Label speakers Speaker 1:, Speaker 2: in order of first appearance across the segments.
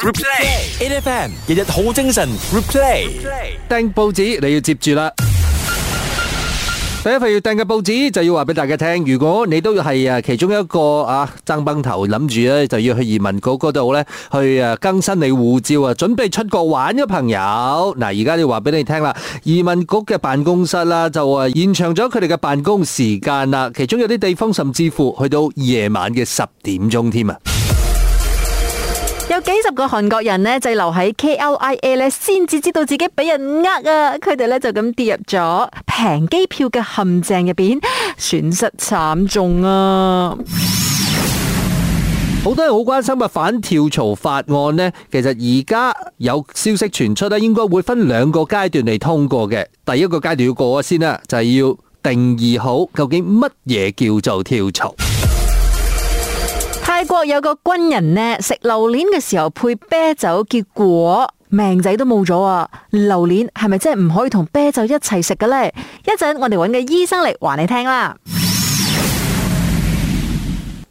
Speaker 1: Replay，A F M，日日好精神。Replay，訂報紙你要接住啦。第一份要訂嘅報紙就要話俾大家聽，如果你都係啊其中一個啊爭崩頭諗住咧就要去移民局嗰度咧去啊更新你護照啊，準備出國玩嘅朋友，嗱而家要話俾你聽啦，移民局嘅辦公室啦就啊延長咗佢哋嘅辦公時間啦，其中有啲地方甚至乎去到夜晚嘅十點鐘添啊。
Speaker 2: 有幾十個韓國人咧就留喺 KLIA 咧，先至知道自己俾人呃啊！佢哋咧就咁跌入咗平機票嘅陷阱入邊，損失慘重啊！好多人都好關心嘅反跳槽法
Speaker 1: 案咧，其實而家有消息傳出咧，應該會分兩個階段嚟通過嘅。第一個階段要過啊先啦，就係要定義好究竟乜嘢叫做跳槽。
Speaker 2: 國有個軍人呢，食榴蓮嘅時候配啤酒，結果命仔都冇咗啊！榴蓮係咪真係唔可以同啤酒一齊食嘅呢？一陣我哋揾個醫生嚟話你聽啦。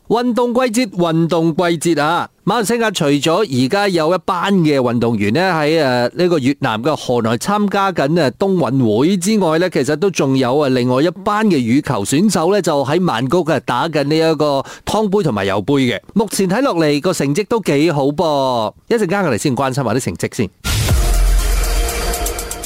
Speaker 1: 運動季節，運動季節啊！馬來西亞除咗而家有一班嘅運動員咧喺，誒呢個越南嘅河內參加緊誒冬運會之外咧，其實都仲有啊另外一班嘅羽球選手咧就喺曼谷打緊呢一個湯杯同埋油杯嘅。目前睇落嚟，個成績都幾好噃，一陣間我哋先關心下啲成績先。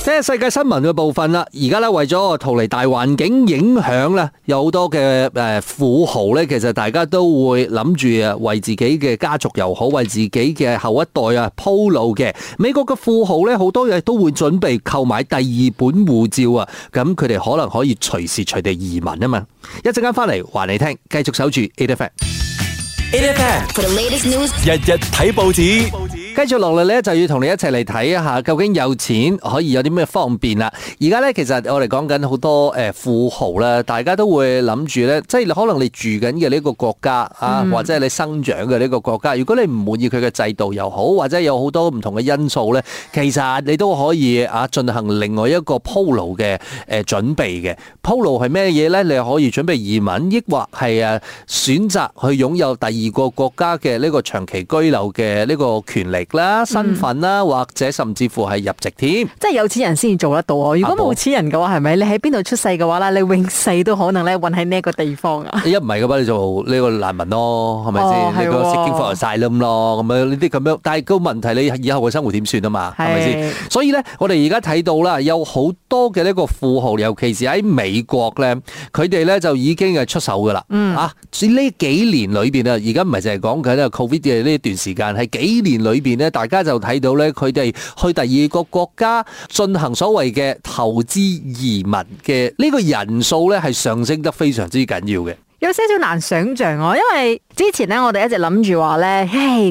Speaker 1: 即係世界新聞嘅部分啦，而家咧，為咗逃離大環境影響咧，有好多嘅誒富豪咧，其實大家都會諗住啊，為自己嘅家族又好，為自己嘅後一代啊鋪路嘅。美國嘅富豪咧，好多嘢，都會準備購買第二本護照啊，咁佢哋可能可以隨時隨地移民啊嘛。一陣間翻嚟還你聽，繼續守住 eight a f f e c
Speaker 2: t e i t e f f e c t the latest news，日日
Speaker 1: 睇報紙。報紙。繼續落嚟咧，就要同你一齊嚟睇一下，究竟有錢可以有啲咩方便啦？而家咧，其實我哋講緊好多富豪啦，大家都會諗住咧，即係可能你住緊嘅呢個國家啊，或者你生長嘅呢個國家，如果你唔滿意佢嘅制度又好，或者有好多唔同嘅因素咧，其實你都可以啊進行另外一個鋪路嘅誒準備，嘅鋪路係咩嘢咧？你可以準備移民，抑或係誒選擇去擁有第二個國家嘅呢個長期居留嘅呢個權利。啦身份啦，或者甚至乎係入籍添，
Speaker 2: 即係有錢人先至做得到啊！如果冇錢人嘅話，係咪你喺邊度出世嘅話咧，你永世都可能咧困喺呢一個地方啊！一
Speaker 1: 唔係嘅話，你就呢個難民咯，係咪先？呢個食經費又晒啦咁咯，咁啊呢啲咁樣。但係個問題，你以後嘅生活點算啊嘛？係咪先？所以咧，我哋而家睇到啦，有好多嘅呢個富豪，尤其是喺美國咧，佢哋咧就已經係出手噶啦。嗯啊，喺呢幾年裏邊啊，而家唔係淨係講緊咧，COVID 嘅呢一段時間，係幾年裏邊。大家就睇到咧，佢哋去第二個國家進行所謂嘅投資移民嘅呢個人數咧，係上升得非常之緊要嘅。
Speaker 2: 有些少難想象哦，因為之前咧，我哋一直諗住話咧，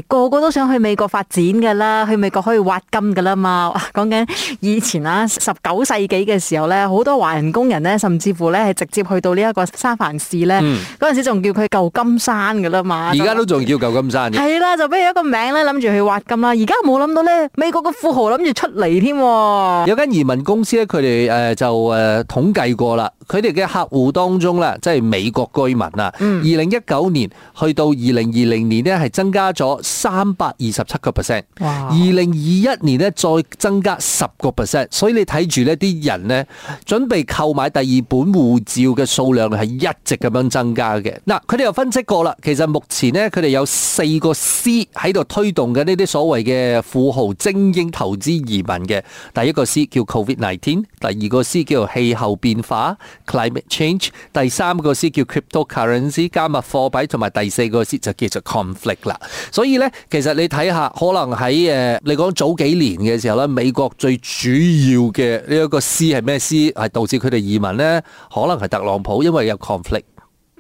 Speaker 2: 個個都想去美國發展噶啦，去美國可以挖金噶啦嘛。講緊以前啊，十九世紀嘅時候咧，好多華人工人咧，甚至乎咧係直接去到呢一個三藩市咧，嗰、嗯、陣時仲叫佢舊金山噶啦嘛。而
Speaker 1: 家都仲叫舊金山嘅。係
Speaker 2: 啦，就俾佢一個名咧，諗住去挖金啦。而家冇諗到咧，美國嘅富豪諗住出嚟添。
Speaker 1: 有間移民公司咧，佢哋誒就誒統計過啦。佢哋嘅客戶當中啦，即係美國居民啦。二零一九年去到二零二零年呢，係增加咗三百二十七個 percent。二零二一年呢，再增加十個 percent。所以你睇住呢啲人，呢準備購買第二本護照嘅數量係一直咁樣增加嘅。嗱，佢哋又分析過啦，其實目前呢，佢哋有四個 C 喺度推動嘅呢啲所謂嘅富豪精英投資移民嘅。第一個 C 叫 Covid Nineteen，第二個 C 叫做氣候變化。climate change，第三個 C 叫 cryptocurrency 加密貨幣，同埋第四個 C 就叫做 conflict 啦。所以呢，其實你睇下，可能喺誒你講早幾年嘅時候咧，美國最主要嘅呢一個 C 係咩 C？係導致佢哋移民呢？可能係特朗普，因為有 conflict。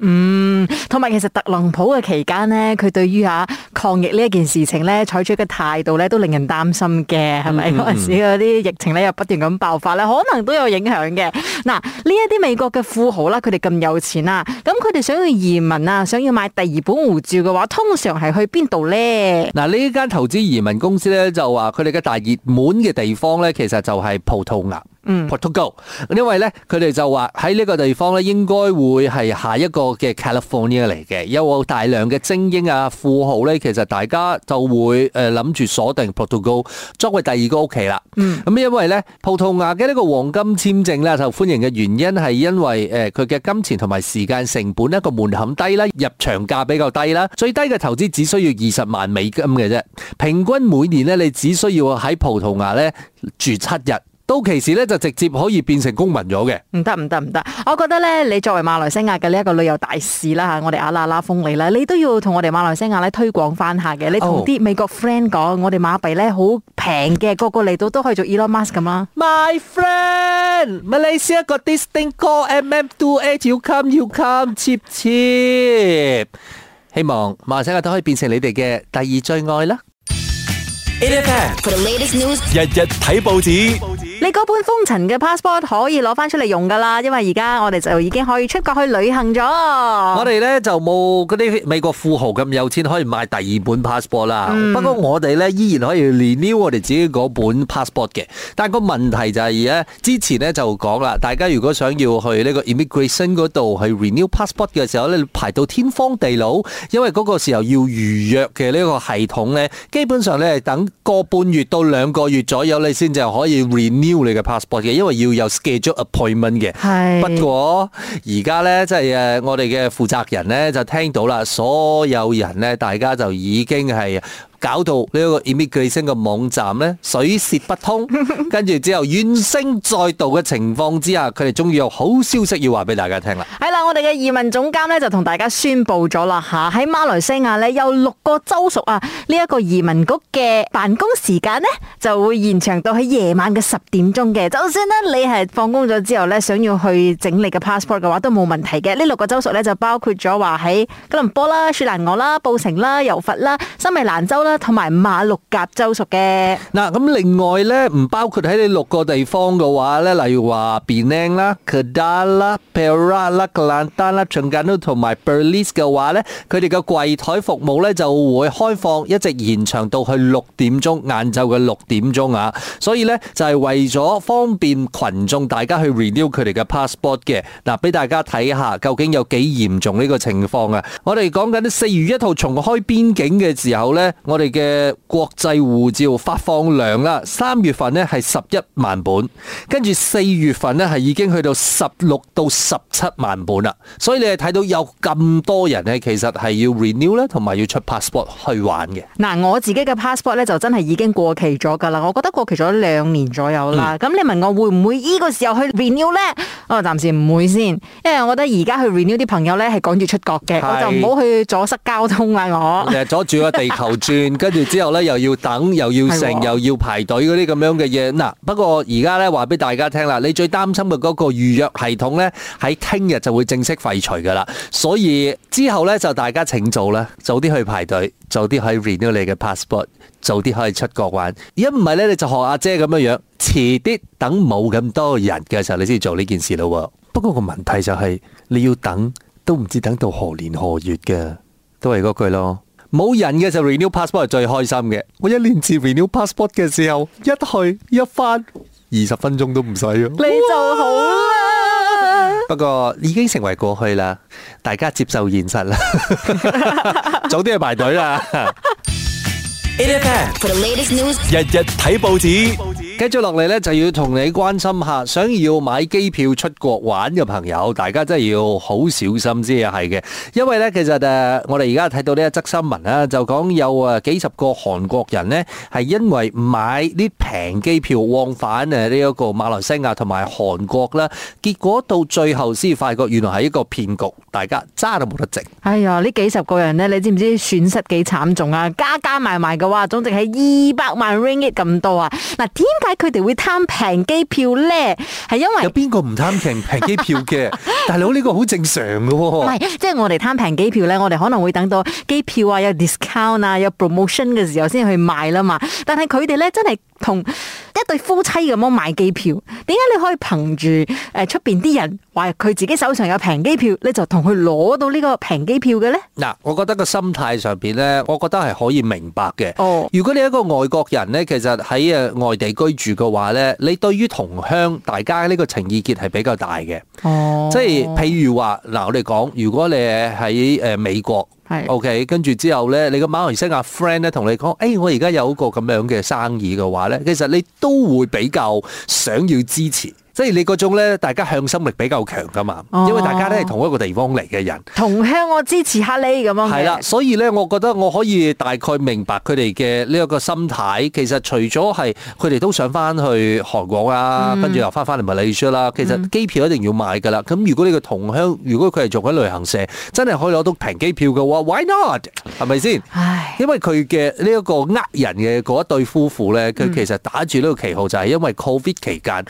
Speaker 2: 嗯，同埋其實特朗普嘅期間呢，佢對於啊抗疫呢一件事情呢採取嘅態度呢都令人擔心嘅，係咪？嗰時嗰啲疫情呢又不斷咁爆發咧，可能都有影響嘅。嗱，呢一啲美國嘅富豪啦，佢哋咁有錢啊，咁佢哋想要移民啊，想要買第二本護照嘅話，通常係去邊度呢？嗱，呢間投資
Speaker 1: 移民公司呢，就話，佢哋嘅大熱門嘅地方呢，其實就係葡萄牙。嗯，Portugal，因為呢，佢哋就話喺呢個地方呢應該會係下一個嘅 California 嚟嘅。有大量嘅精英啊、富豪呢，其實大家就會誒諗住鎖定 Portugal 作為第二個屋企啦。嗯，咁因為呢，葡萄牙嘅呢個黃金簽證呢，受歡迎嘅原因係因為誒佢嘅金錢同埋時間成本呢個門檻低啦，入場價比較低啦，最低嘅投資只需要二十萬美金嘅啫，平均每年呢，你只需要喺葡萄牙呢住七日。到期時咧，就直接可以變成公民咗嘅。
Speaker 2: 唔得唔得唔得，我覺得咧，你作為馬來西亞嘅呢一個旅遊大使啦吓，我哋阿拉拉風嚟啦,你都要同我哋馬來西亞咧推廣翻下嘅。你同啲美國 friend 講，我哋馬幣咧好平嘅，個個嚟到都可以做 Elon Musk 咁啦。My friend
Speaker 1: Malaysia got this thing called MM2H，you come you come cheap cheap。希望馬來西亞都可以變成你哋嘅第二最愛啦。For
Speaker 2: the latest news，日日睇報紙。你嗰本封塵嘅 passport 可以攞翻出嚟用噶啦，因為而家我哋就已經可以出國去旅行咗。我哋
Speaker 1: 咧就冇嗰啲美國富豪咁有錢可以買第二本 passport 啦。不、嗯、過我哋咧依然可以 renew 我哋自己嗰本 passport 嘅。但個問題就係，而家之前咧就講啦，大家如果想要去呢個 immigration 嗰度去 renew passport 嘅時候咧，你排到天荒地老，因為嗰個時候要預約嘅呢個系統咧，基本上咧等個半月到兩個月左右，你先至可以 renew。你嘅 passport 嘅，因為要有 schedule appointment 嘅。係。不過而家咧，即係誒，我哋嘅負責人咧就聽到啦，所有人咧，大家就已經係。搞到呢一個移民更新嘅網站呢，水泄不通，跟住之後怨聲載道嘅情況之下，佢哋終於有好消息要話俾大家聽啦。
Speaker 2: 係 啦，我哋嘅移民總監呢就同大家宣布咗啦，嚇喺馬來西亞呢，有六個州屬啊，呢、這、一個移民局嘅辦公時間呢，就會延長到喺夜晚嘅十點鐘嘅。就算呢你係放工咗之後呢，想要去整理嘅 passport 嘅話，都冇問題嘅。呢六個州屬呢，就包括咗話喺吉隆坡啦、雪蘭莪啦、布城啦、柔佛啦、森美蘭州啦。同埋馬六甲州屬嘅
Speaker 1: 嗱，咁另外咧唔包括喺你六個地方嘅話咧，例如 Penang, Kedah, Perak, Kelantan, Terengganu，話 Penang 啦、Kedah 啦、Perak 啦、Kelantan 啦、Johor 同埋 Perlis 嘅話咧，佢哋嘅櫃枱服務咧就會開放，一直延長到去六點鐘晏晝嘅六點鐘啊，所以咧就係為咗方便群眾，大家去 renew 佢哋嘅 passport 嘅嗱，俾大家睇下究竟有幾嚴重呢個情況啊！我哋講緊四月一號重開邊境嘅時候咧，我哋嘅國際護照發放量啦，三月份呢係十一萬本，跟住四月份呢係已經去到十六到十七萬本啦，所以你係睇到有咁多人咧，其實係要 renew 咧，同埋要出 passport 去玩嘅。
Speaker 2: 嗱，我自己嘅 passport 咧就真係已經過期咗噶啦，我覺得過期咗兩年左右啦。咁、嗯、你問我會唔會呢個時候去 renew 呢？我暫時唔會先，因為我覺得而家去 renew 啲朋友呢係趕住出國嘅，我就唔好去阻塞交通啊！我
Speaker 1: 阻住個地球轉。 跟住之後呢，又要等，又要成，又要排隊嗰啲咁樣嘅嘢。嗱，不過而家呢，話俾大家聽啦，你最擔心嘅嗰個預約系統呢，喺聽日就會正式廢除噶啦。所以之後呢，就大家請早咧，早啲去排隊，早啲去 renew 你嘅 passport，早啲可以出國玩。一唔係呢，你就學阿姐咁樣樣，遲啲等冇咁多人嘅時候，你先做呢件事咯。不過個問題就係、是、你要等，都唔知等到何年何月嘅，都係嗰句咯。冇人嘅就 renew passport 係最開心嘅，我一年次 renew passport 嘅時候，一去一返二十分鐘都唔使咯。
Speaker 2: 你就好啦，
Speaker 1: 不過已經成為過去啦，大家接受現實啦，早啲去排隊啦。日日睇報紙。繼續落嚟咧，就要同你關心下想要買機票出國玩嘅朋友，大家真係要好小心先係嘅。因為咧，其實誒我哋而家睇到呢一則新聞啦，就講有誒幾十個韓國人咧係因為買啲平機票往返誒呢一個馬來西亞同埋韓國啦，結果到最後先發覺原來係一個騙局，大家揸都冇得剩。
Speaker 2: 哎呀，呢幾十個人咧，你知唔知損失幾慘重啊？加加埋埋嘅話，總值喺二百萬 ringgit 咁多啊！嗱，點解？佢哋會貪平機票咧，係因為有邊、
Speaker 1: 個唔貪平平機票嘅？大佬呢個好正常嘅喎，唔
Speaker 2: 係，即係我哋貪平機票咧，我哋可能會等到機票啊有 discount 啊有 promotion 嘅時候先去買啦嘛。但係佢哋咧真係同。一對夫妻咁樣買機票，點解你可以憑住誒出邊啲人話佢自己手上有平機票，你就同佢攞到呢個平機票嘅咧？
Speaker 1: 嗱，我覺得個心態上邊咧，我覺得係可以明白嘅。哦、oh.，如果你一個外國人咧，其實喺誒外地居住嘅話咧，你對於同鄉大家呢個情意結係比較大嘅。哦，即係譬如話，嗱，我哋講，如果你喺誒美國。O K，跟住之後咧，你個馬來西亞 friend 咧同你講，誒、哎、我而家有一個咁樣嘅生意嘅話咧，其實你都會比較想要支持。即係你嗰種咧，大家向心力比較強噶嘛、哦，因為大家都係同一個地方嚟嘅人。
Speaker 2: 同鄉，我支持哈利咁樣。係、okay、啦，
Speaker 1: 所以咧，我覺得我可以大概明白佢哋嘅呢一個心態。其實除咗係佢哋都想翻去韓國啊，跟、嗯、住又翻翻嚟馬來西亞啦，其實機票一定要買噶啦。咁、嗯、如果你個同鄉，如果佢係做緊旅行社，真係可以攞到平機票嘅話，Why not？係咪先？唉，因為佢嘅呢一個呃人嘅嗰一對夫婦咧，佢其實打住呢個旗號就係因為 COVID 期間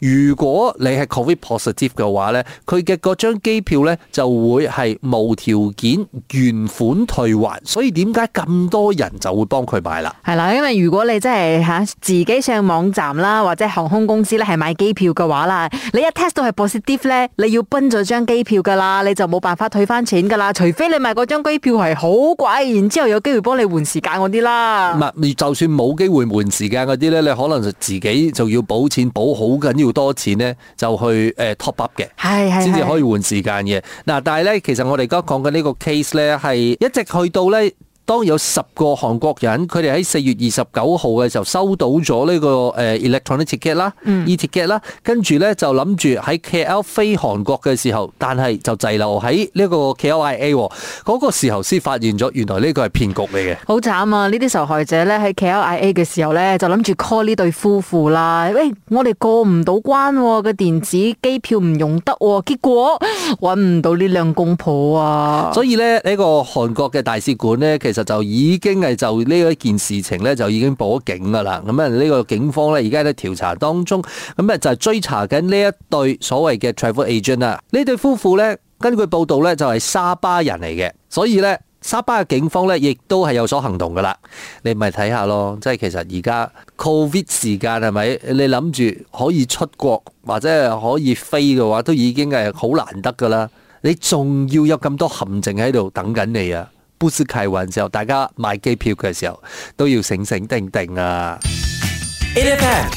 Speaker 1: 如。如果你係 COVID positive 嘅話呢，佢嘅嗰張機票呢就會係無條件原款退還，所以點解咁多人就會幫佢買啦？
Speaker 2: 係啦，因為如果你真係、啊、自己上網站啦，或者航空公司呢係買機票嘅話啦，你一 test 到係 positive 呢，你要崩咗張機票㗎啦，你就冇辦法退翻錢㗎啦。除非你買嗰張機票係好貴，然之後有機會幫你換時間嗰啲啦。
Speaker 1: 唔係，就算冇機會換時間嗰啲呢，你可能就自己就要補錢補好緊要多。錢咧就去誒 top up 嘅，係係先至可以換時間嘅。嗱，但係咧，其實我哋而家講緊呢個 case 咧，係一直去到咧。當有十個韓國人，佢哋喺四月二十九號嘅時候收到咗呢個 electronic ticket 啦，e ticket 啦，跟住咧就諗住喺 KL 飛韓國嘅時候，但係就滯留喺呢個 KLIA 嗰個時候先發現咗，原來呢個係騙局嚟嘅。
Speaker 2: 好慘啊！呢啲受害者咧喺 KLIA 嘅時候咧，就諗住 call 呢對夫婦啦。喂、欸，我哋過唔到關嘅、啊、個電子機票唔用得、啊，結果搵唔到呢兩公婆啊！所以
Speaker 1: 呢，呢個韓國嘅大使館咧，其實～其實就已經係就呢一件事情咧，就已經報咗警，噶啦。咁啊，呢個警方咧而家喺調查當中，咁咧就係追查緊呢一對所謂嘅 travel agent 啊。呢對夫婦咧，根據報道咧就係沙巴人嚟嘅，所以咧沙巴嘅警方咧亦都係有所行動噶啦。你咪睇下咯，即係其實而家 covid 時間係咪？你諗住可以出國或者係可以飛嘅話，都已經係好難得噶啦。你仲要有咁多陷阱喺度等緊你啊！不是講玩嘅時候，大家買機票嘅時候都要醒醒定定啊！
Speaker 2: 日日睇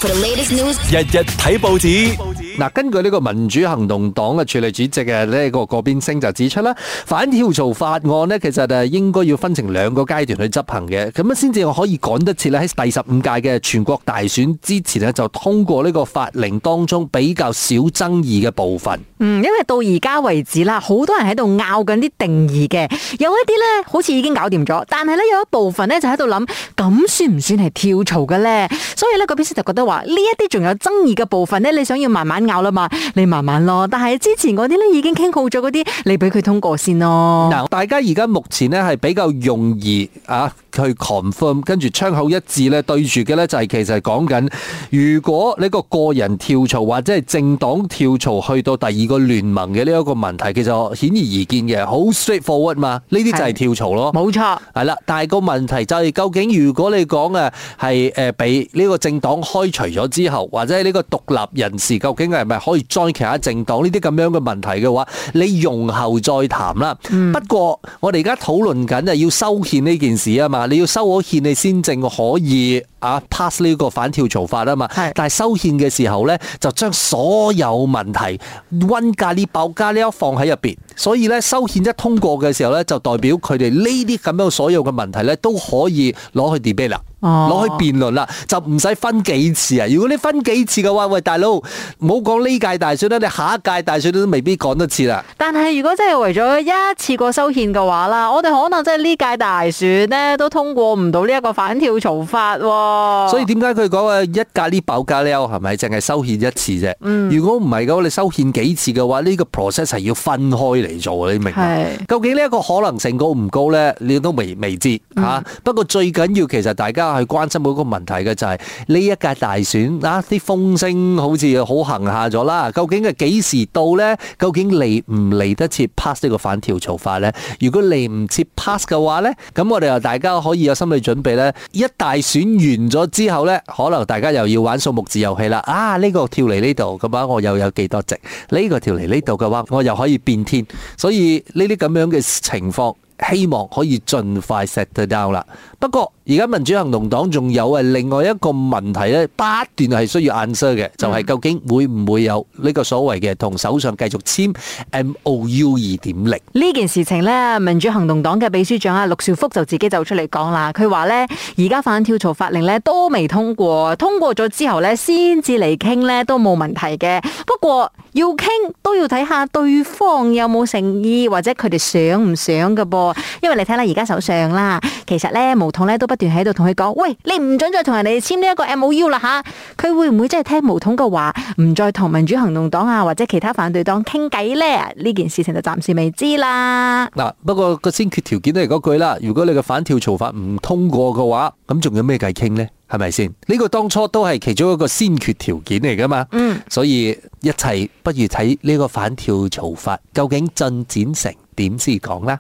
Speaker 2: 報
Speaker 1: 紙。報紙嗱，根據呢個民主行動黨嘅處理主席嘅呢個個邊聲就指出啦，反跳槽法案呢其實應該要分成兩個階段去執行嘅，咁樣先至可以趕得切咧，喺第十五屆嘅全國大選之前呢就通過呢個法令當中比較少爭議嘅部分。
Speaker 2: 嗯，因為到而家為止啦，好多人喺度拗緊啲定義嘅，有一啲呢好似已經搞掂咗，但係呢有一部分呢就喺度諗，咁算唔算係跳槽嘅呢？所以呢個邊生就覺得話呢一啲仲有爭議嘅部分呢，你想要慢慢。有啦嘛，你慢慢咯。但係之前啲咧，已經傾好咗啲，你俾佢通過先咯。嗱，大
Speaker 1: 家而家目前咧係比較容易啊去 confirm，跟住窗口一致咧對住嘅咧就係其實係講緊，如果呢個個人跳槽或者係政黨跳槽去到第二個聯盟嘅呢一個問題，其實顯而易見嘅，好 straightforward 嘛。呢啲就係跳槽咯，冇錯。係啦，但係個問題就係、是、究竟如果你講誒係誒俾呢個政黨開除咗之後，或者呢個獨立人士究竟是係咪可以再其他政黨呢啲咁樣嘅問題嘅話，你容後再談啦、嗯。不過我哋而家討論緊啊，要修憲呢件事啊嘛，你要修好憲你先正可以啊 pass 呢個反跳槽法啊嘛。但係修憲嘅時候呢，就將所有問題溫格呢、鮑加呢一放喺入邊，所以呢，修憲一通過嘅時候呢，就代表佢哋呢啲咁樣所有嘅問題呢，都可以攞去 debate 了。攞去辯論啦，就唔使分幾次啊！如果你分幾次嘅話，喂大佬，唔好講呢屆大選啦，你下一屆大選都未必講多次啦。
Speaker 2: 但係如果真係為咗一次過修憲嘅話啦，我哋可能真係呢屆大選呢都通過唔到呢一個反跳槽法、啊。所
Speaker 1: 以點解佢講啊一屆呢爆加撩係咪？淨係修憲一次啫、嗯。如果唔係嘅話，你修憲幾次嘅話，呢、這個 process 係要分開嚟做，你明嘛？係。究竟呢一個可能性高唔高呢？你都未未知吓、啊嗯。不過最緊要，其實大家。去關心嗰個問題嘅就係、是、呢一屆大選啊，啲風聲好似好行下咗啦。究竟係幾時到呢？究竟嚟唔嚟得切 pass 呢個反跳槽法呢？如果嚟唔切 pass 嘅話呢，咁我哋又大家可以有心理準備呢。一大選完咗之後呢，可能大家又要玩數目字遊戲啦。啊，呢、這個跳嚟呢度嘅話，我又有幾多席？呢、這個跳嚟呢度嘅話，我又可以變天。所以呢啲咁樣嘅情況。希望可以盡快 set down 啦。不過而家民主行動黨仲有誒另外一個問題咧，不斷係需要 answer 嘅，就係究竟會唔會有呢個
Speaker 2: 所謂嘅同首相繼續簽 MOU 二點零呢件事情呢，民主行動黨嘅秘書長啊，陸兆福就自己就出嚟講啦，佢話呢，而家反跳槽法令呢都未通過，通過咗之後呢先至嚟傾呢都冇問題嘅。不過要傾都要睇下對方有冇誠意，或者佢哋想唔想㗎噃。因為你睇下而家首相啦，其實咧，毛統咧都不斷喺度同佢講，喂，你唔准再同人哋簽呢一個 M O U 啦吓。佢會唔會真係聽毛統嘅話，唔再同民主行動黨啊，或者其他反對黨傾偈呢？呢件事情就暫時未知啦。嗱、啊，不過
Speaker 1: 個先決條件咧，嗰句啦，如果你嘅反跳槽法唔通過嘅話，咁仲有咩計傾呢？係咪先？呢、這個當初都係其中一個先決條件嚟噶嘛。嗯，所以一切不如睇呢個反跳槽法究竟進展成點先講啦。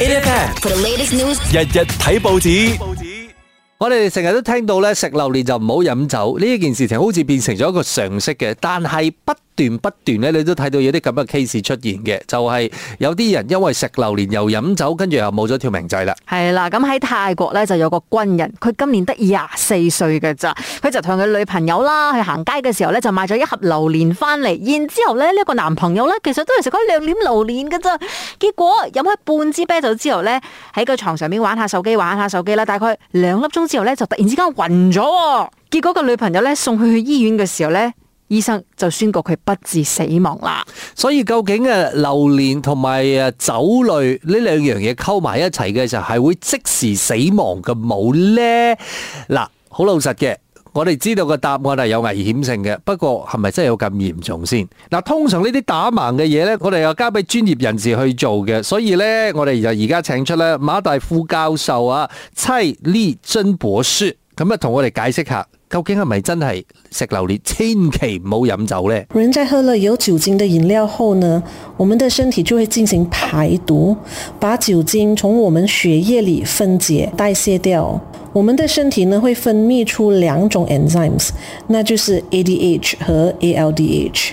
Speaker 2: Idiotan,
Speaker 1: news, 日日睇報紙，我哋成日都聽到咧，食榴蓮就唔好飲酒呢一件事情，好似變成咗一個常識嘅，但係不。斷不斷咧，你都睇到有啲咁嘅 case 出現嘅，就係有啲人因為食榴蓮又飲酒，跟住又冇咗條命仔啦。
Speaker 2: 係啦，咁喺泰國呢就有個軍人，佢今年得廿四歲㗎咋，佢就同佢女朋友啦去行街嘅時候呢，就買咗一盒榴蓮翻嚟，然之後呢呢、呢個男朋友呢，其實都係食嗰啲兩點榴蓮㗎咋，結果飲開半支啤酒之後呢，喺個床上面玩下手機玩下手機啦，大概兩粒鐘之後呢，就突然之間暈咗，結果個女朋友呢，送佢去醫院嘅時候呢。醫生就宣告佢不治死亡啦。
Speaker 1: 所以究竟誒榴蓮同埋誒酒類呢兩樣嘢溝埋一齊嘅時候，係會即時死亡嘅冇呢？嗱，好老實嘅，我哋知道個答案係有危險性嘅。不過係咪真係有咁嚴重先？嗱，通常呢啲打盲嘅嘢呢，我哋又交俾專業人士去做嘅。所以呢，我哋就而家請出咧馬大副教授啊蔡岦臻博士，咁啊同我哋解釋下。究竟係咪真係食榴蓮千祈唔好飲酒咧？
Speaker 3: 人在喝了有酒精的飲料後呢，我們的身體就會進行排毒，把酒精從我們血液裏分解、代謝掉。我們的身體呢，會分泌出兩種 enzymes，那就是 ADH 和 ALDH。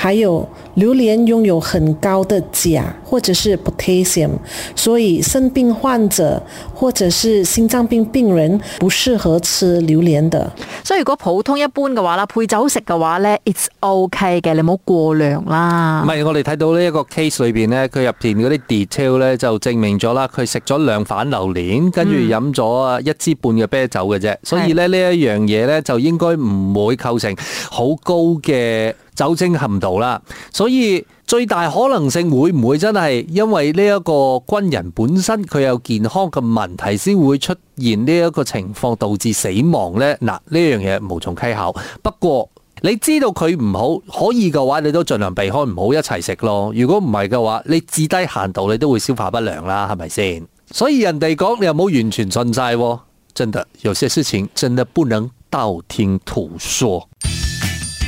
Speaker 3: 還有榴蓮擁有很高的鉀，或者是 potassium，所以腎病患者或者是心臟病病人不適合吃榴蓮的。所以如果普通一般嘅話啦，配酒食嘅話呢 it's okay 嘅，你
Speaker 2: 冇過量啦。
Speaker 1: 唔係，我哋睇到呢一個 case 裏邊呢，佢入邊嗰啲 detail 呢，就證明咗啦，佢食咗兩反榴蓮，跟住飲咗啊一支半嘅啤酒嘅啫、嗯，所以呢，呢一樣嘢呢，就應該唔會構成好高嘅。酒精含度啦，所以最大可能性會唔會真係因為呢一個軍人本身佢有健康嘅問題，先會出現呢一個情況導致死亡呢？嗱，呢樣嘢無從稽考。不過你知道佢唔好，可以嘅話你都盡量避開，唔好一齊食咯。如果唔係嘅話，你至低限度你都會消化不良啦，係咪先？所以人哋講你又冇完全信晒、哦，真的有些事情真的不能道聽途說。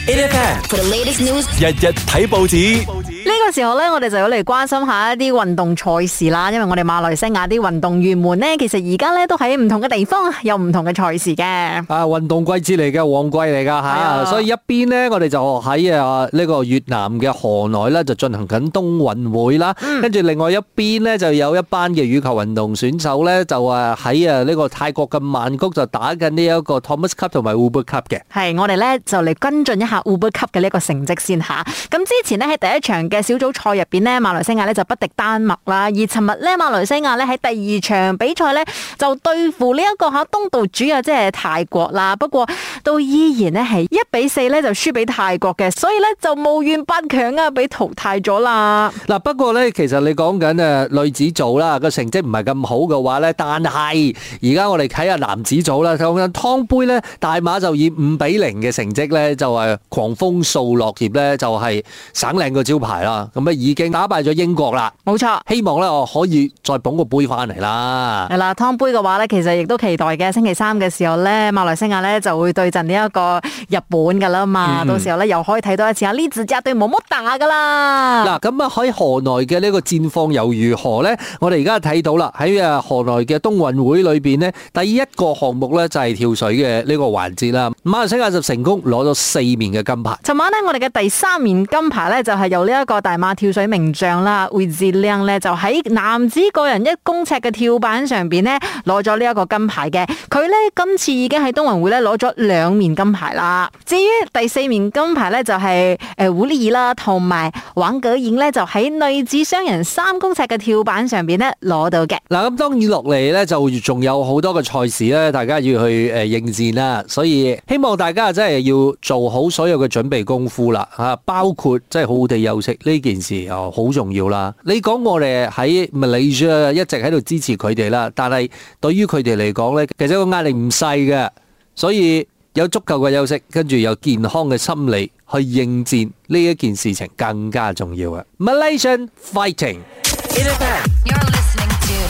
Speaker 1: 日日睇報紙。報紙。
Speaker 2: 呢、呢個時候咧，我哋就要嚟關心一下一啲運動賽事啦。因為我哋馬來西亞啲運動員們呢，其實而家咧都喺唔同嘅地方，有唔同嘅賽事嘅。啊，運
Speaker 1: 動季節嚟嘅旺季嚟噶吓，所以一邊呢，我哋就喺啊呢個越南嘅河內咧，就進行緊東運會啦。嗯、跟住另外一邊呢，就有一班嘅羽球運動選手咧，就啊喺啊呢個泰國嘅曼谷就打緊呢一個 Thomas Cup 同埋 Uber Cup 嘅。
Speaker 2: 係，我哋咧就嚟跟進一下 Uber Cup 嘅呢一個成績先吓。咁、啊、之前呢，喺第一場嘅。小組賽入邊咧，馬來西亞咧就不敵丹麥啦。而尋日咧，馬來西亞咧喺第二場比賽咧就對付呢一個吓東道主啊，即係泰國啦。不過都依然咧係一比四咧就輸俾泰國嘅，所以咧就無緣八強啊，俾淘汰咗啦。
Speaker 1: 嗱，不過咧其實你講緊誒女子組啦個成績唔係咁好嘅話咧，但係而家我哋睇下男子組啦，睇緊湯杯咧，大馬就以五比零嘅成績咧就係狂風掃落葉咧就係省靚個招牌啦。咁咧已經打敗咗英國啦，冇錯。希望咧我可以再捧個杯翻嚟啦。
Speaker 2: 係啦，湯杯嘅話咧，其實亦都期待嘅。星期三嘅時候咧，馬來西亞咧就會對陣呢一個日本噶啦嘛、嗯。到時候咧又可以睇多一次啊呢治哲對冇乜打噶啦。
Speaker 1: 嗱、嗯，咁啊喺河內嘅呢個戰況又如何咧？我哋而家睇到啦，喺啊河內嘅東運會裏面呢，第一個項目咧就係跳水嘅呢個環節啦。馬來西亞就成功攞咗四面嘅金牌。
Speaker 2: 尋晚咧，我哋嘅第三面金牌咧就係由呢一個大馬跳水名將啦，韋智亮咧就喺男子個人一公尺嘅跳板上邊咧攞咗呢一個金牌嘅。佢咧今次已經喺東運會咧攞咗兩面金牌啦。至於第四面金牌咧就係誒胡麗兒啦，同埋玩景演咧就喺女子雙人三公尺嘅跳板上邊咧攞到嘅。嗱咁，當然落
Speaker 1: 嚟咧就仲有好多嘅賽事咧，大家要去誒應戰啦。所以希望大家真係要做好所有嘅準備功夫啦，吓包括真係好好地休息呢。件事哦好重要啦，你講我哋喺 Malaysia 一直喺度支持佢哋啦，但係對於佢哋嚟講咧，其實個壓力唔細嘅，所以有足夠嘅休息，跟住有健康嘅心理去應戰呢一件事情更加重要啊！Malaysia fighting，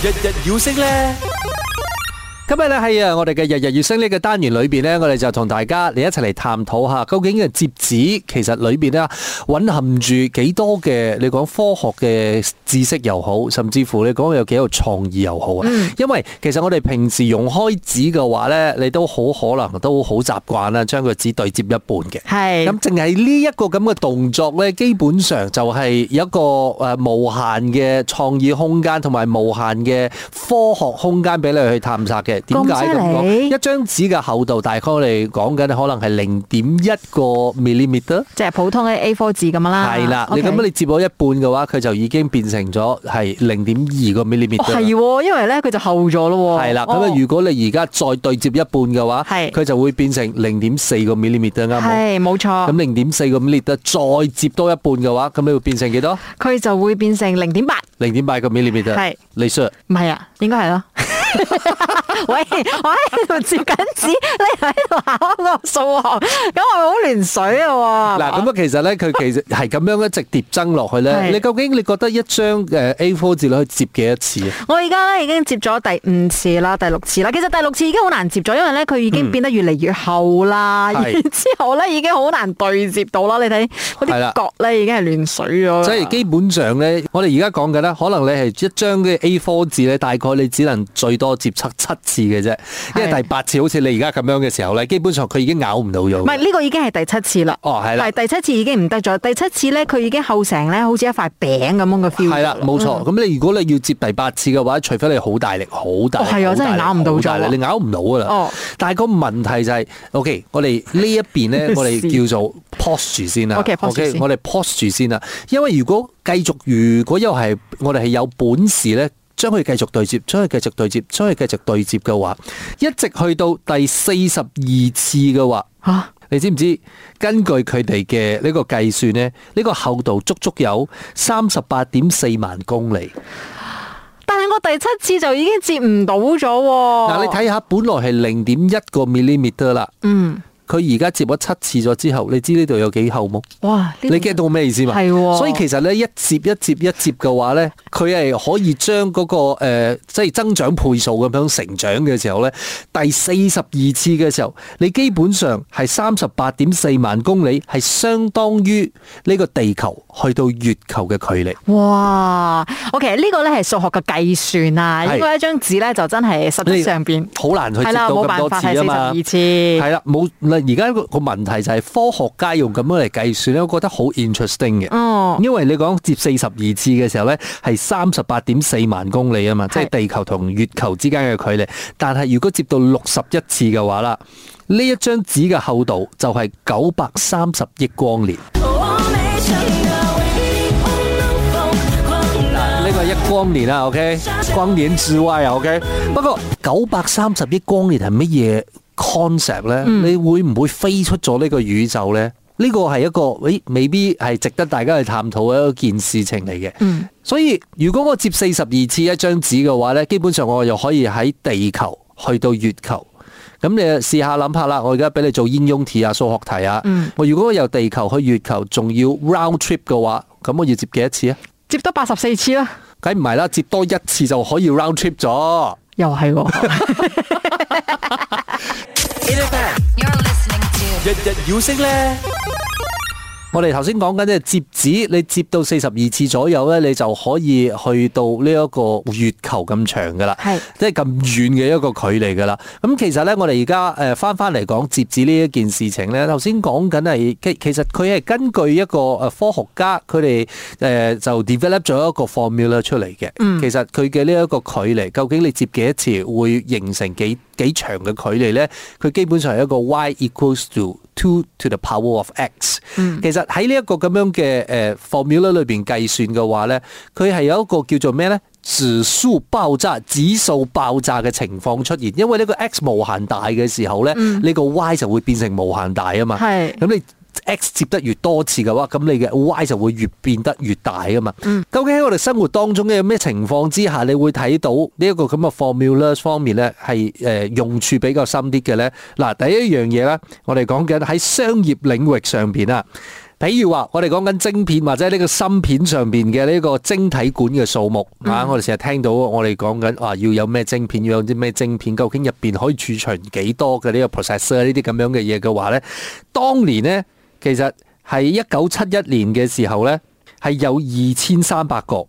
Speaker 1: 日日要息咧。今日咧係啊，我哋嘅日日月星呢個單元裏邊呢，我哋就同大家嚟一齊嚟探討下，究竟嘅摺紙其實裏邊呢，蘊含住幾多嘅你講科學嘅知識又好，甚至乎你講有幾多創意又好啊，嗯。因為其實我哋平時用開紙嘅話呢，你都好可能都好習慣啦，將個紙對折一半嘅。係。咁淨係呢一個咁嘅動作呢，基本上就係有一個誒、呃、無限嘅創意空間，同埋無限嘅科學空間俾你去探索嘅。點解咁講？一張紙嘅厚度大概你講緊，可能係零點一個 millimeter，
Speaker 2: 即係普通嘅 A4 紙咁樣啦。係啦，你咁樣你
Speaker 1: 折咗一半嘅話，佢就已經變成咗係零點二個 millimeter。係，
Speaker 2: 因為咧佢就厚咗咯。係啦，咁啊，如
Speaker 1: 果你而家再對折一半嘅話，係，佢就會變成零點四個 millimeter 啱冇？係，
Speaker 2: 冇錯。咁
Speaker 1: 零點四個 millimeter 再折多一半嘅話，咁佢會變成幾多？佢就會變成零點八。零點八個 millimeter。係，李 Sir。唔係啊，
Speaker 2: 應該係咯。 喂，我喺度摺緊紙，你喺度考我數學，咁我好亂水啊！
Speaker 1: 嗱，咁啊，其實咧，佢其實係咁樣一直疊增落去咧。你究竟你覺得一張誒 A4 紙可以摺幾多次
Speaker 2: 啊？我而家咧已經摺咗第五次啦，第六次啦。其實第六次已經好難摺咗，因為咧佢已經變得越嚟越厚啦。然之後咧已經好難對摺到啦。你睇嗰啲角咧已經係亂水咗。即係基
Speaker 1: 本上咧，我哋而家講嘅咧，可能你係一張嘅 A4 紙咧，大概你只能最多摺七七次嘅啫，因為第八次好似你而家咁樣嘅時候咧，基本上佢已經咬唔到咗。唔係，
Speaker 2: 呢個已經係第七次啦。哦，係啦，係第七次已經唔得咗。第七次咧，佢已經厚成咧，好似一塊餅咁樣嘅 feel。係、哦、啦，冇錯。
Speaker 1: 咁、嗯、你如果你要接第八次嘅話，除非你好大力，好大力，係、哦、啊，真係咬唔到咗。好大力，你咬唔到噶啦。但係個問題就係，OK，我哋呢一邊咧，我哋叫做 pause 住先啦。OK，我哋 pause 住先啦，okay, OK。因為如果繼續，如果又係我哋係有本事咧。將佢繼續對接，將佢繼續對接，將佢繼續對接嘅話，一直去到第四十二次嘅話，吓、啊、你知唔知？根據佢哋嘅呢個計算呢呢、呢個厚度足足有三十八點四萬公里。
Speaker 2: 但係我第七次就已經接唔到咗。嗱，你睇
Speaker 1: 下，本來係零點一個 millimeter 啦。嗯。佢而家接咗七次咗之後，你知呢度有幾厚冇？哇！你驚到咩意思嘛？係喎。所以其實呢，一接一接一接嘅話呢，佢係可以將嗰、嗰個、呃、即係增長倍數咁樣成長嘅時候呢，第四十二次嘅時候，你基本上係三十八點四萬公里，係相當於呢個地球。去到月球嘅距離，
Speaker 2: 哇！OK，呢個咧係數學嘅計算啊，因為一張紙呢，就真係塞喺上
Speaker 1: 邊，好難去折到咁多次啊嘛。係啦，冇嗱，而家個個問題就係科學家用咁樣嚟計算咧，我覺得好 interesting 嘅。哦、嗯，因為你講折四十二次嘅時候呢，係三十八點四萬公里啊嘛，即係地球同月球之間嘅距離。但係如果折到六十一次嘅話啦，呢一張紙嘅厚度就係九百三十億光
Speaker 3: 年。Oh，
Speaker 1: 光年啊，OK，光年之外啊，OK。不過九百三十億光年係乜嘢 concept 呢？嗯、你會唔會飛出咗呢個宇宙呢？呢個係一個，喂、欸、未必係值得大家去探討嘅一件事情嚟嘅。嗯、所以如果我摺四十二次一張紙嘅話呢，基本上我又可以喺地球去到月球。咁你試下諗下啦，我而家俾你做應用題啊，數學題啊。嗯、我如果由地球去月球，仲要 round trip 嘅話，咁我要摺幾多次啊？接多八十四次啦，梗唔係啦，接多一次就可以 round trip 咗，
Speaker 2: 又係喎。
Speaker 1: 日日要升咧。我哋頭先講緊咧摺紙，你摺到四十二次左右咧，你就可以去到呢一個月球咁長噶啦，即係咁遠嘅一個距離噶啦。咁其實咧，我哋而家返翻翻嚟講摺紙呢一件事情咧，頭先講緊係其實佢係根據一個誒科學家佢哋誒就 develop 咗一個 formula 出嚟嘅、嗯。其實佢嘅呢一個距離，究竟你摺幾多次會形成幾幾長嘅距離咧？佢基本上係一個 y equals to two to the power of x，、嗯、其實喺呢一個咁樣嘅 formula 裏邊計算嘅話咧，佢係有一個叫做咩咧？指數爆炸、指數爆炸嘅情況出現，因為呢個 x 無限大嘅時候咧，呢、嗯這個 y 就會變成無限大啊嘛。係、咁你。X 接得越多次嘅話，咁你嘅 Y 就會越變得越大噶嘛、嗯。究竟喺我哋生活當中嘅咩情況之下，你會睇到呢一個咁嘅 formula 方面咧，係誒用處比較深啲嘅咧？嗱，第一樣嘢咧，我哋講緊喺商業領域上邊啊，比如話我哋講緊晶片或者呢個芯片上邊嘅呢個晶體管嘅數目、嗯啊、我哋成日聽到我哋講緊話要有咩晶片，要有啲咩晶片，究竟入邊可以儲存幾多嘅呢個 processor 呢啲咁樣嘅嘢嘅話咧，當年咧。其實係一九七一年嘅時候呢，係有二千三百個，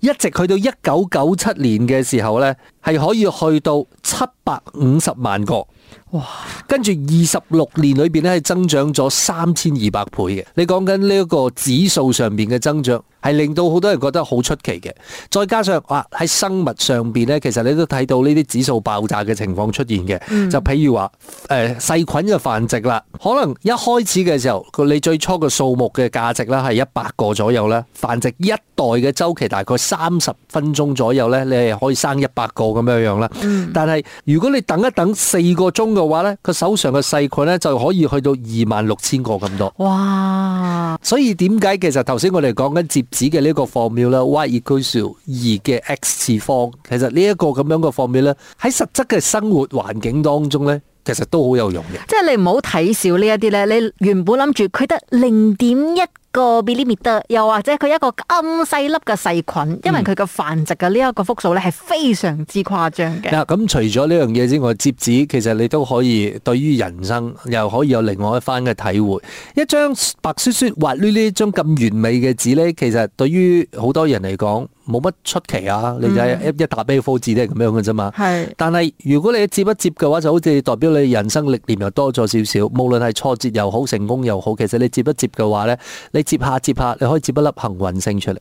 Speaker 1: 一直去到一九九七年嘅時候呢，係可以去到七百五十萬個。哇！跟住二十六年裏邊咧，係增長咗三千二百倍嘅。你講緊呢一個指數上邊嘅增長，係令到好多人覺得好出奇嘅。再加上啊，喺生物上邊咧，其實你都睇到呢啲指數爆炸嘅情況出現嘅，嗯。就譬如話，誒、呃、細菌嘅繁殖啦，可能一開始嘅時候，你最初嘅數目嘅價值咧係一百個左右啦，繁殖一代嘅週期大概三十分鐘左右咧，你係可以生一百個咁樣樣啦，嗯。但係如果你等一等四個。中嘅話呢，佢手上嘅細菌呢，就可以去到二萬六千個咁多。哇！所以點解其實頭先我哋講緊折紙嘅呢個 formula 呢 y equals 二嘅 x 次方，其實呢一個咁樣嘅 formula 呢，喺實質嘅生活環境當中呢，其實都好有用
Speaker 2: 嘅。即係你唔好睇小呢一啲呢，你原本諗住佢得零點一。個 millimeter，又或者佢一個咁細粒嘅細菌，因為佢嘅繁殖嘅呢一個複數咧係非常之誇張嘅。嗱、嗯，
Speaker 1: 咁、嗯、除咗呢樣嘢之外，摺紙其實你都可以對於人生又可以有另外一番嘅體會。一張白雪雪滑捋捋一張咁完美嘅紙咧，其實對於好多人嚟講冇乜出奇啊。嗯、你睇一沓 paper 紙都係咁樣嘅啫嘛。但係如果你折一折嘅話，就好似代表你人生歷練又多咗少少。無論係挫折又好，成功又好，其實你折一折嘅話咧，你摺摺。折下折下，你可以折一粒幸運星出嚟，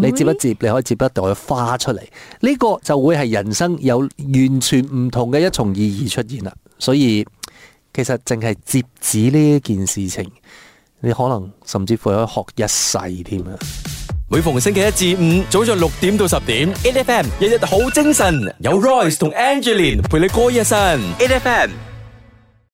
Speaker 1: 你折一折，你可以折一朵花出嚟，呢個就會係人生有完全唔同嘅一重意義出現啦。所以其實淨係折紙呢件事情，你可能甚至乎可以學一世添啊！每逢星期一至五早上六點到十點，AiFM 日日好精神，有 Royce 同 Angelin 陪你過一晨，AiFM。